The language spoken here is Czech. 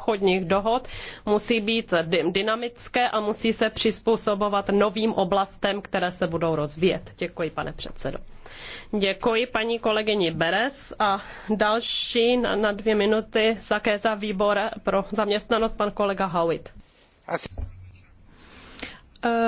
obchodních dohod musí být dynamické a musí se přizpůsobovat novým oblastem, které se budou rozvíjet. Děkuji, pane předsedo. Děkuji paní kolegyni Beres a další na, na dvě minuty také za výbor pro zaměstnanost pan kolega Howitt. Asi. Eh,